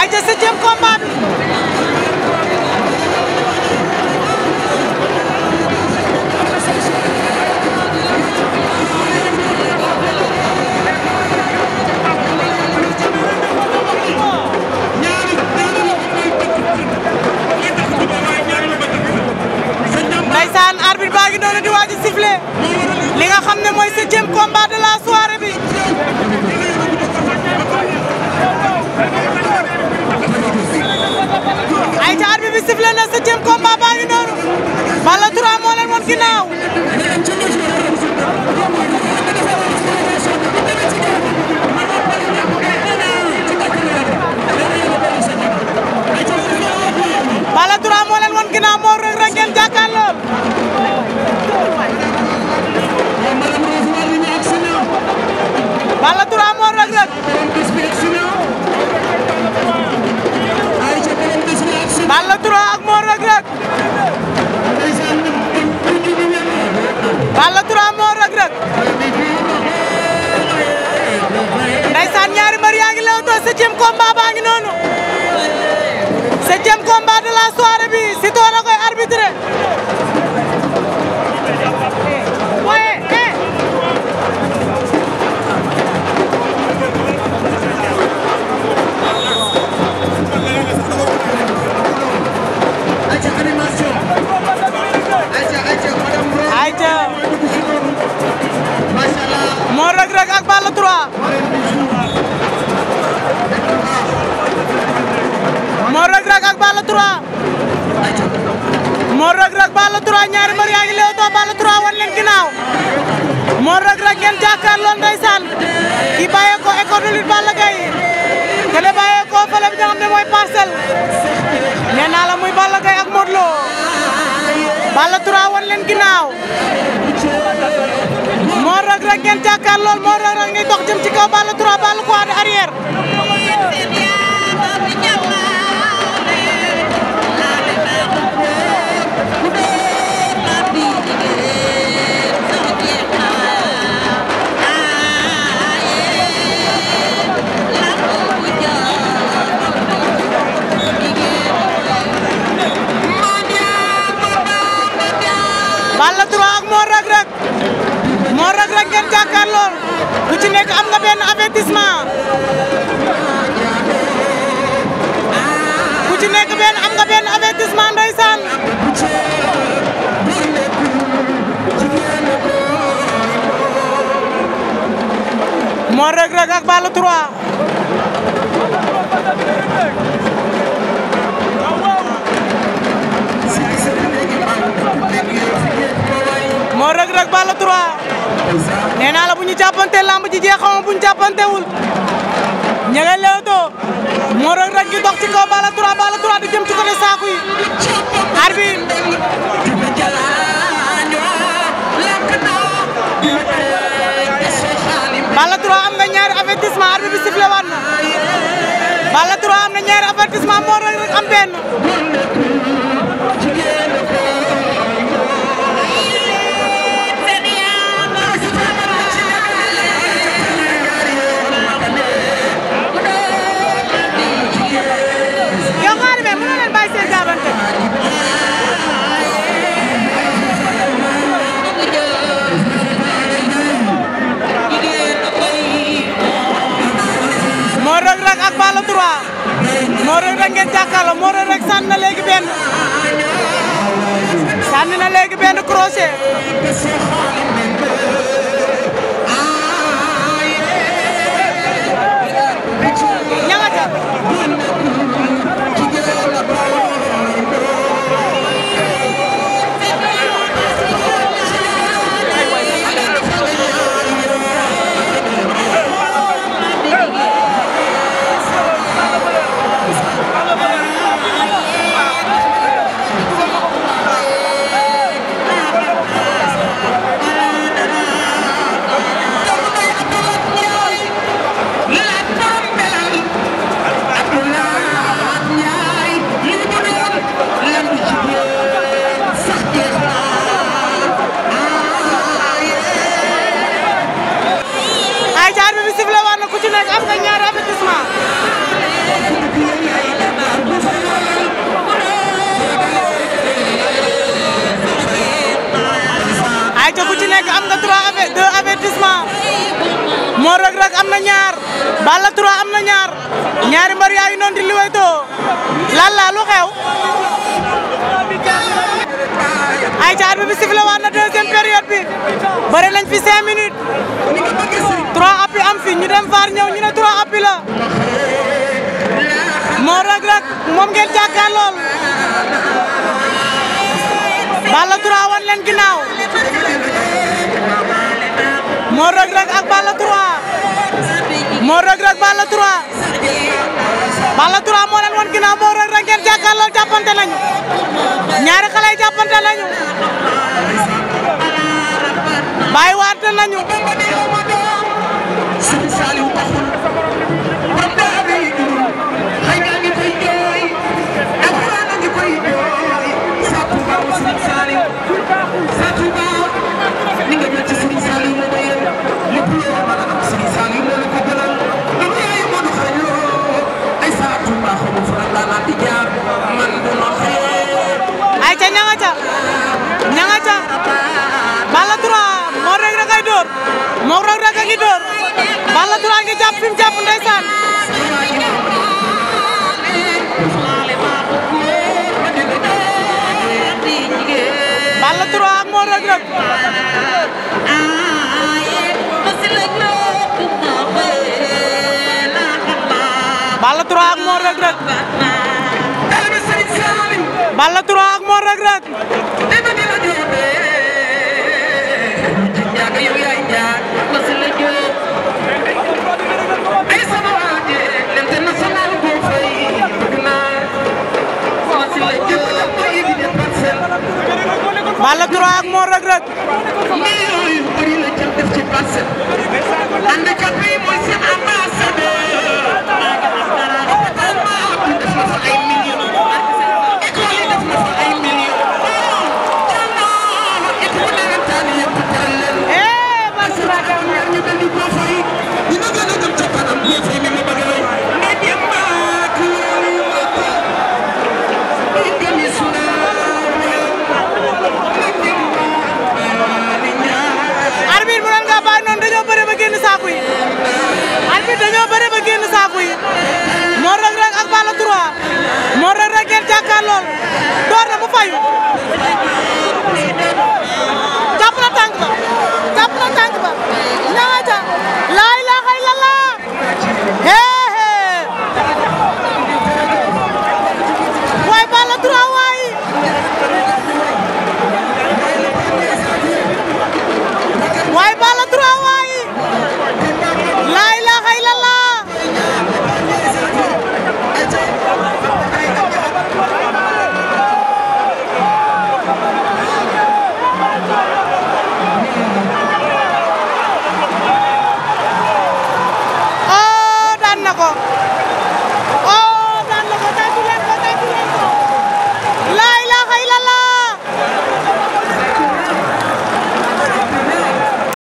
ayca septième combat bi ndeysaan arbitre baa ngi noonu di waaj a sifflé li nga xam ne mooy septième combat de bi sifflé na septième combat baa ngi noonu Balla 3 moo leen woon ginnaaw Balla 3 moo leen woon ginnaaw moo Reug Reug ngeen jàkkaarloo Balla 3 moo Reug Reug போடுறதுக்கு 3 ñaari mbër yaa ngi Leewtoo Balla 3 wan leen ginnaaw moo Reug Reug ngeen jàkkaarloo ndeysaan ki bàyyeekoo ne mooy parcelle nee naa la muy Balla Gaye ak Modou Lo Balla 3 wan leen ginnaaw moo Reug Reug ngeen jàkkaarloo moo Reug Reug ngay dox jëm ci kaw Balla 3 Balla ko de arrière ci nekk ku ci nekk am nga benn avertissement ndeysaan moo Reug Reug ak Balla 3 moo Reug Reug Balla 3 nee naa la bu ñu jàppante lamb ji jeexawoon bu ñu jàppantewul ña nga leewtoo moo rek rek di dox ci kaw bala trois bala trois di jëm ci côté saaku yi arbitre bala trois am nga ñaari avertissement arbitre bi sifflé waat na bala trois Modou rek sànni na léegi benn sànni na léegi benn crochet am nga trois deux avertissement moo Reug Reug am na ñaar Balla trois am na ñaar ñaari mbër yaa ngi di liwaytoo lan la lu xew ay ca arbitre bi sifflé waat na deuxième période bi bëri nañ fi cinq minutes Reug Reug Balla 3 Balla 3 moo leen nañu ñaari xale yi nañu bàyyi waate nañu ngi dóor Balla Dura ngi jàpp fi mu jàpp ndeysaan Balla Dura ak moo Reug Balla 3 ak Mor Reug Reug Lions!